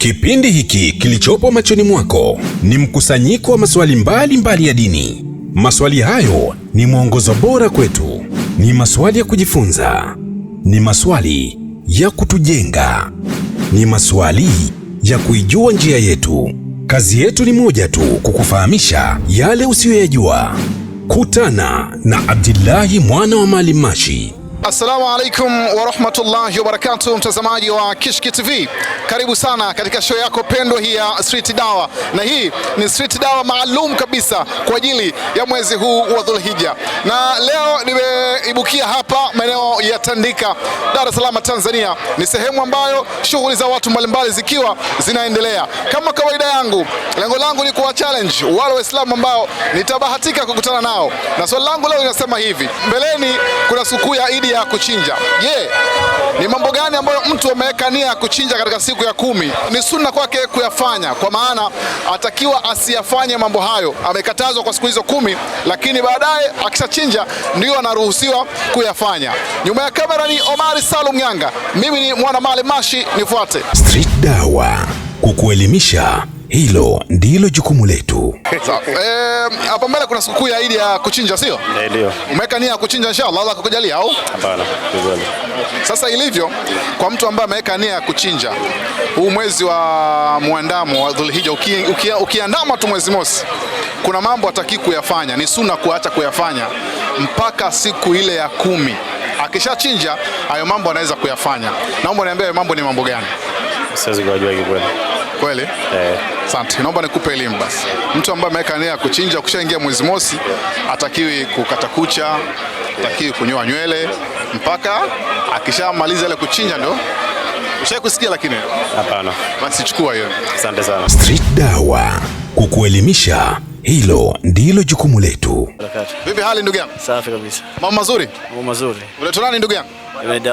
Kipindi hiki kilichopo machoni mwako ni mkusanyiko wa maswali mbalimbali mbali ya dini. Maswali hayo ni mwongozo bora kwetu, ni maswali ya kujifunza, ni maswali ya kutujenga, ni maswali ya kuijua njia yetu. Kazi yetu ni moja tu, kukufahamisha yale usiyoyajua. Kutana na Abdillahi mwana wa Maalim Mashi. Assalamu alaikum warahmatullahi wabarakatuh, mtazamaji wa Kishki TV, karibu sana katika show yako pendwa hii ya Street Dawa, na hii ni Street Dawa maalum kabisa kwa ajili ya mwezi huu wa Dhulhijja, na leo nimeibukia hapa maeneo ya Tandika, Dar es Salaam, Tanzania. Ni sehemu ambayo shughuli za watu mbalimbali zikiwa zinaendelea. Kama kawaida yangu, lengo langu ni kuwa challenge wale Waislamu ambao nitabahatika kukutana nao, na swali langu leo linasema hivi: mbeleni kuna sikukuu ya Idi nia ya kuchinja. Je, Ni mambo gani ambayo mtu ameweka nia ya kuchinja katika siku ya kumi? Ni sunna kwake kuyafanya, kwa maana atakiwa asiyafanye mambo hayo, amekatazwa kwa siku hizo kumi, lakini baadaye akishachinja ndio anaruhusiwa kuyafanya. Nyuma ya kamera ni Omari Salum Nyanga, mimi ni mwana mali Mashi, nifuate Street Dawa kukuelimisha hilo ndilo jukumu letu. Hapa mbele kuna sikukuu ya Idi ya kuchinja, sio eh, ndio? Umeweka nia ya kuchinja inshallah, Allah akakujalia au? Hapana. Sasa ilivyo kwa mtu ambaye ameweka nia ya kuchinja huu mwezi wa muandamo wa Dhulhijja, ukiandama tu mwezi mosi, kuna mambo hataki kuyafanya, ni suna kuacha kuyafanya mpaka siku ile ya kumi. Akishachinja hayo mambo anaweza kuyafanya. Naomba niambie mambo ni mambo gani? Siwezi kujua hiyo kweli kweli? Eh. Asante. Naomba nikupe elimu basi. Mtu ambaye ameweka nia ya kuchinja kushaingia mwezi mosi atakiwi kukata kucha, atakiwi kunyoa nywele mpaka akishamaliza ile kuchinja ndo Ushawahi kusikia lakini? Hapana. Basi chukua hiyo. Asante sana. Street Dawa kukuelimisha, hilo ndilo jukumu letu. Vipi hali ndugu yangu? Safi kabisa. Mambo mazuri? Mambo mazuri. Unaitwa nani ndugu yangu? Ahmed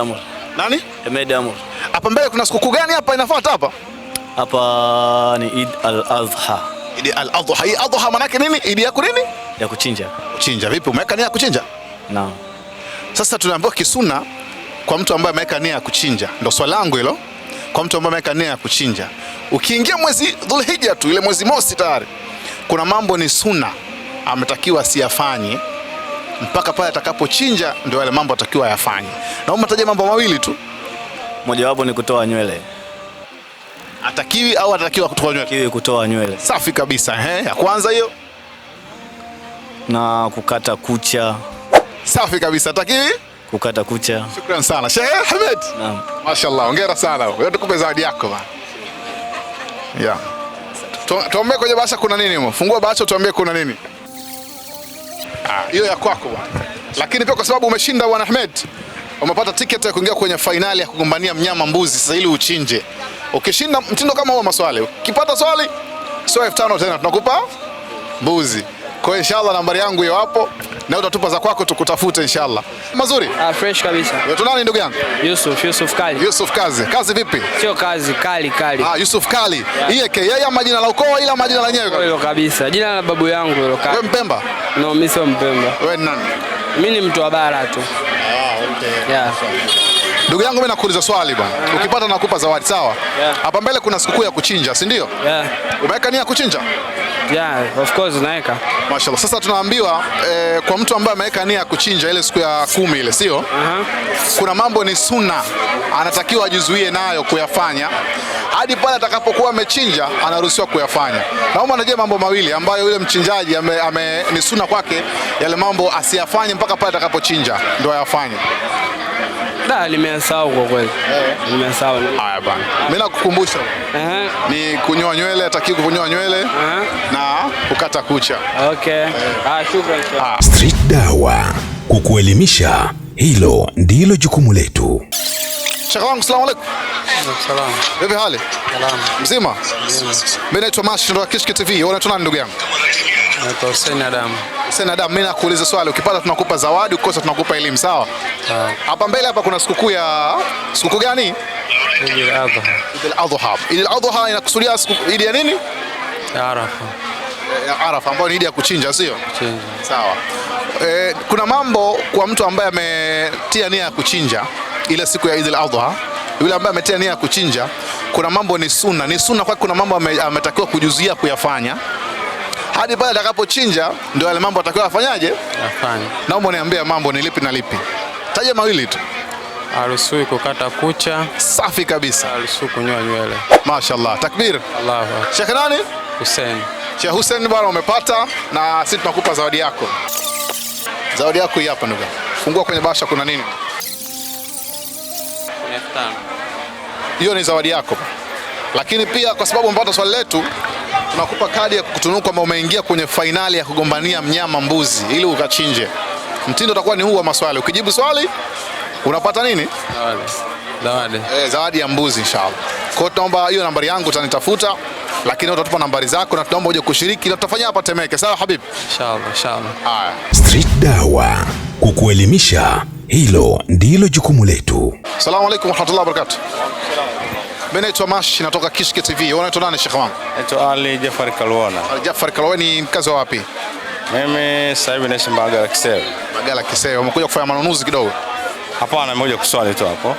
Nani? Ahmed Hapa mbele kuna sikukuu gani hapa inafuata hapa? Hapa ni Eid al-Adha. Eid al-Adha. Hii adha maana yake nini? Eid yako nini? Ya kuchinja. Kuchinja vipi? Umeweka nia ya kuchinja? Naam. Sasa tunaambiwa kisuna kwa mtu ambaye ameweka nia ya kuchinja. Ndio swali langu hilo. Kwa mtu ambaye ameweka nia ya kuchinja. Ukiingia mwezi Dhulhijja tu ile mwezi mosi tayari. Kuna mambo ni suna ametakiwa asiyafanye mpaka pale atakapochinja, ndio yale mambo atakiwa yafanye. Naomba taje mambo mawili tu. Mojawapo ni kutoa nywele. Atakiwi au anatakiwa kutoa nywele? Atakiwi kutoa nywele. Safi kabisa. Ehe, ya kwanza hiyo. Na kukata kucha. Safi kabisa. Atakiwi kukata kucha. Shukran sana Sheikh Ahmed. Naam. Mashaallah, hongera sana. Wewe tukupe zawadi yako ba. Yeah. Tuombe kwenye bahasha kuna nini mo? Fungua bahasha tuambie kuna nini. Ah, hiyo ya kwako bana. Lakini pia kwa sababu umeshinda bwana Ahmed, umepata tiketi ya kuingia kwenye fainali ya kugombania mnyama mbuzi. Sasa ili uchinje. Ukishinda mtindo kama huo maswali, ukipata swali sio elfu tano tena, tunakupa mbuzi. Kwa hiyo inshallah, nambari yangu hiyo hapo, na utatupa za kwako, tukutafute inshallah. Mazuri ah, fresh kabisa. Wewe tunani ndugu yangu? Yusuf, Yusuf Kali. Yusuf Kazi. Kazi vipi? Sio Kazi, Kali Kali. Ah, Yusuf Kali. Yeye yeah. Yeye ama majina la ukoo ila majina la yenyewe hilo kabisa. Jina la babu yangu hilo Kali. Wewe Mpemba? No, mimi sio Mpemba. Wewe nani? Mimi ni mtu wa bara tu. Ah, okay. Yeah. Ndugu yangu mimi nakuuliza swali bwana. Ukipata nakupa zawadi sawa? Hapa yeah. mbele kuna sikukuu ya kuchinja, si ndio? Yeah. Umeweka nia kuchinja? Yeah, of course naweka. Mashallah. Sasa tunaambiwa eh, kwa mtu ambaye ameweka nia ya kuchinja ile siku ya kumi ile, sio? Uh -huh. Kuna mambo ni sunna anatakiwa ajizuie nayo kuyafanya hadi pale atakapokuwa amechinja anaruhusiwa kuyafanya. Naomba najua mambo mawili ambayo yule mchinjaji ame, ame, ni sunna kwake yale mambo asiyafanye mpaka pale atakapochinja ndio ayafanye. Da, nimesahau kwa kweli. Eh. Nimesahau. Haya bwana. Mimi nakukumbusha. Eh. Ni kunyoa nywele, hataki kunyoa nywele. Eh. Na kukata kucha. Okay. Eh. Ah, shukrani. Ah. Street Dawa kukuelimisha, hilo ndilo jukumu letu. Shaka wangu, salamu aleikum. Salamu. Vipi hali? Salamu. Mzima? Mzima. Mimi naitwa Mash, ndio Kishki TV. Unaitwa nani ndugu yangu? Naitwa Hussein Adam. Hussein Adam, mimi nakuuliza swali, ukipata tunakupa zawadi, ukikosa tunakupa elimu, sawa? Ah. Hapa mbele hapa kuna sikukuu ya sikukuu gani? Eid al-Adha. Eid al-Adha. Eid al-Adha inakusudia Eid ya nini? Ya Arafa. Eh, ya Arafa ambayo ni Eid ya kuchinja, sio? Kuchinja. Sawa. E, kuna mambo kwa mtu ambaye ametia nia ya kuchinja ile siku ya Eid al-Adha, yule ambaye ametia nia ya kuchinja, kuna mambo ni sunna, ni sunna kwa kuna mambo ametakiwa kujuzia kuyafanya hadi pale atakapochinja, ndio yale mambo atakiwa afanyaje afanye. Naomba niambie mambo ni lipi na lipi, taja mawili tu. Haruhusiwi kukata kucha. Safi kabisa. Haruhusiwi kunyoa nywele. Mashaallah, takbir. Allahu Akbar. Sheikh nani? Hussein. Sheikh Hussein, bwana umepata, na sisi tunakupa zawadi yako. Zawadi yako hii hapa ndugu. Fungua kwenye basha kuna nini? Hiyo ni zawadi yako, lakini pia kwa sababu umepata swali letu wanakupa kadi ya kutunuku kwamba umeingia kwenye fainali ya kugombania mnyama mbuzi ili ukachinje. Mtindo utakuwa ni huu wa maswali, ukijibu swali unapata nini? Zawadi, zawadi. Eh, zawadi ya mbuzi inshallah. Kwa hiyo tunaomba hiyo nambari yangu utanitafuta, lakini utatupa nambari zako na tunaomba uje kushiriki na tutafanya hapa Temeke. Sawa habibi? Inshallah, inshallah. Haya. Street Dawa kukuelimisha, hilo ndilo jukumu letu. Asalamu alaykum wa barakatuh. Mimi naitwa Mashi natoka Kishke TV. Wewe unaitwa nani shekhi wangu? Naitwa Ali Jafar Kalwana. Ali Jafar Kalwana ni mkazi wa wapi? Mimi sasa hivi naishi Mbagala Kisewe. Mbagala Kisewe. Umekuja kufanya manunuzi kidogo? Hapana, nimekuja kuswali tu hapo.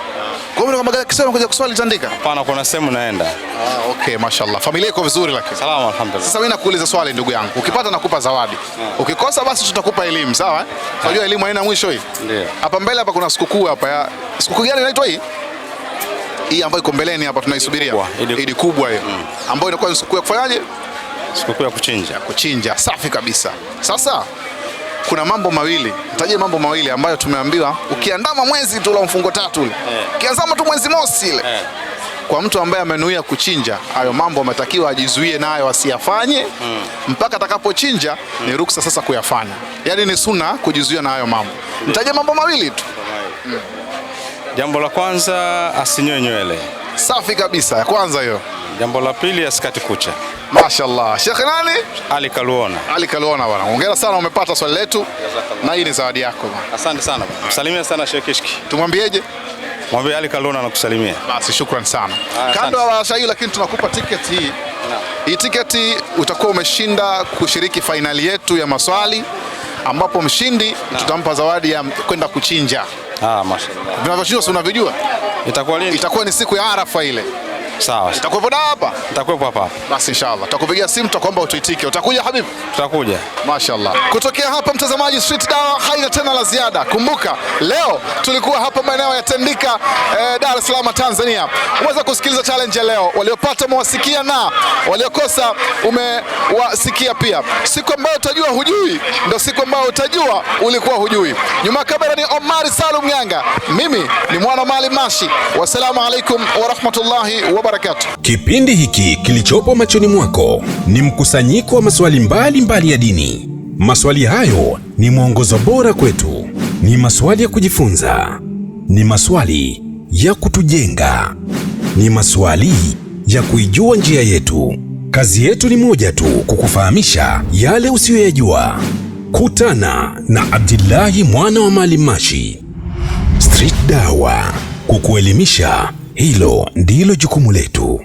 Kwa hiyo Mbagala Kisewe unakuja kuswali Tandika? Hapana, kuna sehemu naenda. Ah, okay, mashallah. Familia iko vizuri lakini. Salamu alhamdulillah. Sasa mimi nakuuliza swali ndugu yangu. Ukipata nakupa zawadi. Yeah. Ukikosa basi tutakupa elimu, sawa? Unajua elimu haina mwisho hii. Ndio. Hapa mbele hapa kuna sikukuu hapa ya sikukuu gani inaitwa hii? hii ambayo iko mbeleni hapa tunaisubiria idi kubwa hiyo mm. ambayo inakuwa siku ya kufanyaje? Siku ya kuchinja. Kuchinja, safi kabisa. Sasa kuna mambo mawili nitaje, mambo mawili ambayo tumeambiwa ukiandama mwezi tu la mfungo tatu ule eh. ukiazama tu mwezi mosi ile eh. kwa mtu ambaye amenuia kuchinja, hayo mambo ametakiwa ajizuie nayo asiyafanye mm. mpaka atakapochinja mm. ni ruksa sasa kuyafanya, yaani ni suna kujizuia na hayo mambo. Nitajia mambo mawili tu mm. Jambo la kwanza asinyoe nywele. Safi kabisa, ya kwanza hiyo. Jambo la pili asikati kucha. Mashallah. Sheikh nani? Ali Kaluona. Ali Kaluona bwana. Hongera sana umepata swali letu. Na hii ni zawadi yako bwana. Asante sana bwana. Msalimie sana Sheikh Kishki. Tumwambieje? Mwambie Ali Kaluona anakusalimia. Basi shukrani sana. Ah, Kando ya bahasha lakini tunakupa tiketi hii. Hii tiketi utakuwa umeshinda kushiriki fainali yetu ya maswali ambapo mshindi tutampa zawadi ya kwenda kuchinja. Ah, mashallah. Vinavyoshindwa si unavijua? Itakuwa lini? Itakuwa ni siku ya Arafa ile. Sawa. Utakuwepo na hapa? Nitakuwepo hapa. Basi inshallah. Tutakupigia simu tutakuomba utuitike. Utakuja habibi? Tutakuja. Mashaallah. Kutokea hapa mtazamaji, Street Dawa haina tena la ziada. Kumbuka leo tulikuwa hapa maeneo ya Tandika eh, Dar es Salaam Tanzania. Umeweza kusikiliza challenge ya leo. Waliopata umewasikia na waliokosa umewasikia pia. Siku ambayo utajua hujui ndio siku ambayo utajua ulikuwa hujui. Nyuma kamera ni Omari Salum nyanga Mimi ni mwana Mali Mashi. Wassalamu alaikum wa rahmatullahi wa wabarakatuh. Kipindi hiki kilichopo machoni mwako ni mkusanyiko wa maswali mbalimbali mbali ya dini. Maswali hayo ni mwongozo bora kwetu, ni maswali ya kujifunza, ni maswali ya kutujenga, ni maswali ya kuijua njia yetu. Kazi yetu ni moja tu, kukufahamisha yale usiyoyajua. Kutana na Abdillahi mwana wa Maalim Mashi. Street Dawa, kukuelimisha hilo ndilo jukumu letu.